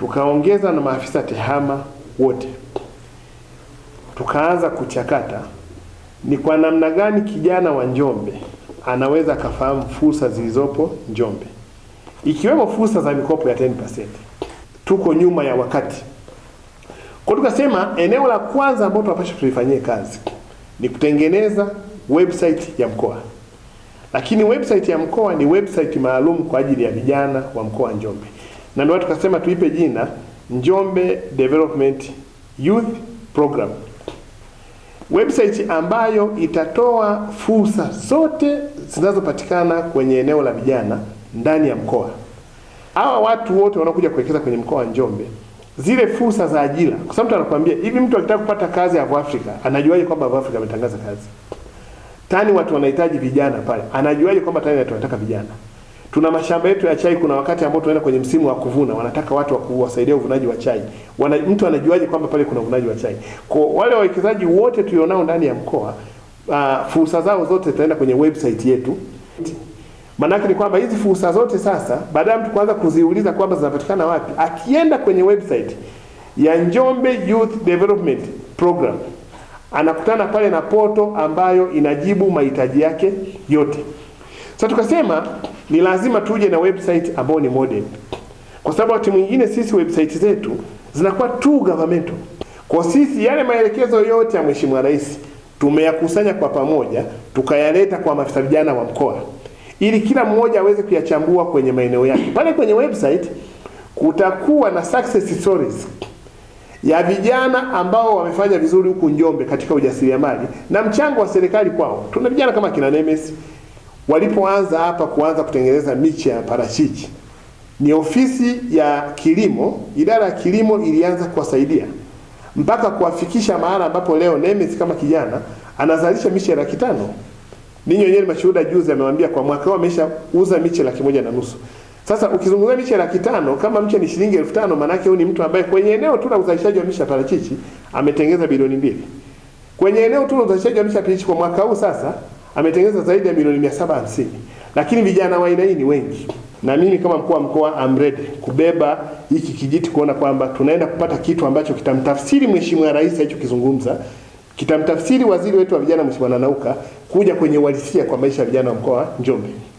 tukaongeza na maafisa tehama wote, tukaanza kuchakata ni kwa namna gani kijana wa Njombe anaweza akafahamu fursa zilizopo Njombe, ikiwemo fursa za mikopo ya 10%. Tuko nyuma ya wakati. Kwa tukasema eneo la kwanza ambalo tunapaswa tulifanyie kazi ni kutengeneza website ya mkoa, lakini website ya mkoa ni website maalum kwa ajili ya vijana wa mkoa wa Njombe na ndio tukasema tuipe jina Njombe Development Youth Program, website ambayo itatoa fursa zote zinazopatikana kwenye eneo la vijana ndani ya mkoa. Hawa watu wote wanaokuja kuwekeza kwenye mkoa wa Njombe, zile fursa za ajira, kwa sababu mtu anakuambia hivi, mtu akitaka kupata kazi ya Afrika anajuaje kwamba Afrika ametangaza kazi? Tani watu wanahitaji vijana pale, anajuaje kwamba tani watu wanataka vijana? Tuna mashamba yetu ya chai. Kuna wakati ambao tunaenda kwenye msimu wa kuvuna, wanataka watu wa kuwasaidia uvunaji wa chai. Wana, mtu anajuaje kwamba pale kuna uvunaji wa chai? Kwa wale wawekezaji wote tulionao ndani ya mkoa uh, fursa zao zote zitaenda kwenye website yetu. Maanake ni kwamba hizi fursa zote sasa, baada ya mtu kuanza kuziuliza kwamba zinapatikana wapi, akienda kwenye website ya Njombe Youth Development Program anakutana pale na poto ambayo inajibu mahitaji yake yote. Sasa tukasema ni lazima tuje na website ambayo ni modern, kwa sababu wakati mwingine sisi website zetu zinakuwa tu governmental. Kwa sisi yale maelekezo yote ya Mheshimiwa Rais tumeyakusanya kwa pamoja, tukayaleta kwa maafisa vijana wa mkoa ili kila mmoja aweze kuyachambua kwenye maeneo yake. Pale kwenye website kutakuwa na success stories ya vijana ambao wamefanya vizuri huku Njombe katika ujasiriamali na mchango wa serikali kwao. Tuna vijana kama kina Nemesis walipoanza hapa kuanza kutengeneza miche ya parachichi, ni ofisi ya kilimo, idara ya kilimo ilianza kuwasaidia mpaka kuwafikisha mahala ambapo leo Nemes kama kijana anazalisha miche laki tano. Ninyi wenyewe mashuhuda, juzi amewambia kwa mwaka huu ameshauza miche laki moja na nusu. Sasa ukizungumzia miche laki tano, kama mche ni shilingi elfu tano, maanake huyu ni mtu ambaye kwenye eneo tu la uzalishaji wa miche ya parachichi ametengeneza bilioni mbili kwenye eneo tu la uzalishaji wa miche ya parachichi kwa mwaka huu sasa ametengeneza zaidi ya milioni hamsini lakini vijana wa aina hii ni wengi, na mimi kama mkuu wa mkoa amred kubeba hiki kijiti kuona kwamba tunaenda kupata kitu ambacho kitamtafsiri mheshimiwa rais alichokizungumza, kitamtafsiri waziri wetu wa vijana mheshimiwa Nanauka kuja kwenye uhalisia kwa maisha ya vijana wa mkoa Njombe.